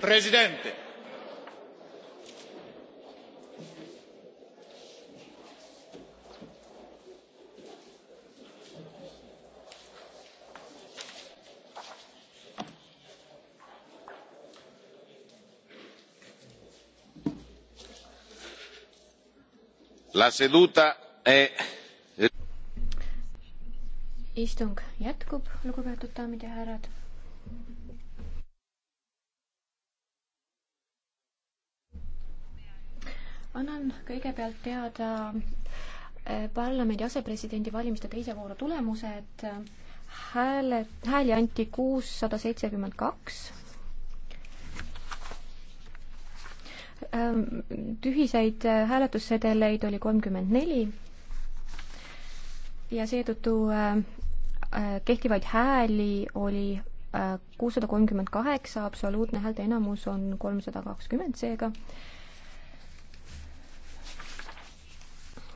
presidente la seduta è istung jätkub lugupeetud daamid ja härrad. annan kõigepealt teada äh, parlamendi asepresidendi valimiste teise vooru tulemused. hääle, hääli anti kuussada seitsekümmend kaks. Ähm, tühiseid äh, hääletussedeleid oli kolmkümmend neli ja seetõttu äh, kehtivaid hääli oli kuussada kolmkümmend kaheksa, absoluutne häälte enamus on kolmsada kakskümmend seega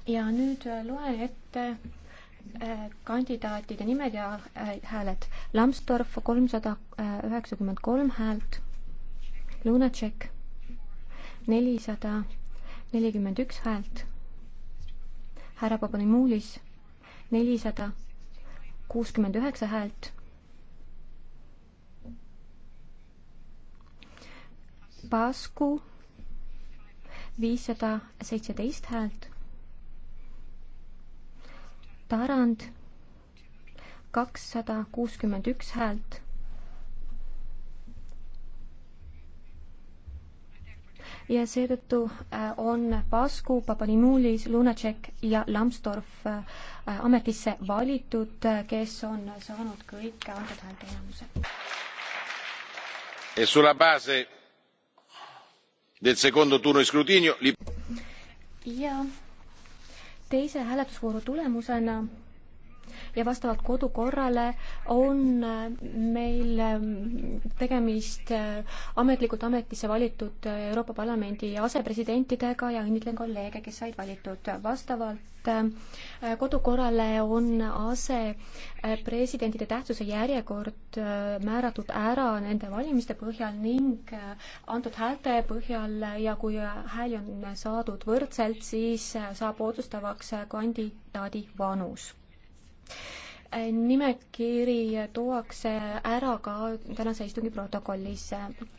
ja nüüd äh, loen ette äh, kandidaatide nimed ja äh, hääled. Lambsdorff kolmsada üheksakümmend kolm häält, Lunacek nelisada nelikümmend üks häält, härra Papanimulis nelisada kuuskümmend üheksa häält, Pasku viissada seitseteist häält Tarand kakssada kuuskümmend üks häält. ja seetõttu äh, on Pasku, Papanimulis, Lunacek ja Lambsdorff äh, ametisse valitud, äh, kes on saanud kõik antud häälte enamuse. E sulla base del secondo turno di scrutinio li... ja teise hääletusvooru tulemusena ja vastavalt kodukorrale on äh, meil ähm, tegemist äh, ametlikult ametisse valitud äh, Euroopa Parlamendi asepresidentidega ja õnnitlen kolleege, kes said valitud. vastavalt kodukorrale on asepresidentide tähtsuse järjekord määratud ära nende valimiste põhjal ning antud häälte põhjal ja kui hääli on saadud võrdselt, siis saab otsustavaks kandidaadi vanus nimekiri tuuakse ära ka tänase istungi protokollis.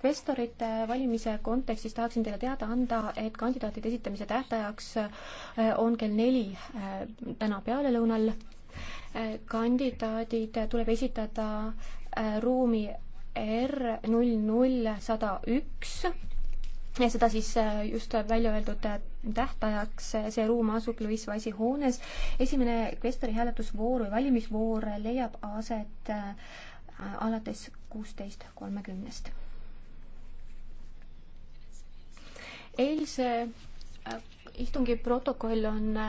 kvestorite valimise kontekstis tahaksin teile teada anda, et kandidaatide esitamise tähtajaks äh, on kell neli äh, täna pealelõunal. Äh, kandidaadid tuleb esitada ruumi R null null sada üks ja seda siis äh, just välja öeldud äh, tähtajaks, äh, see ruum asub Louis Wise'i hoones. esimene kvestori hääletusvoor või valimisvoor leiab aset alates kuusteist kolmekümnest. eilse istungi protokoll on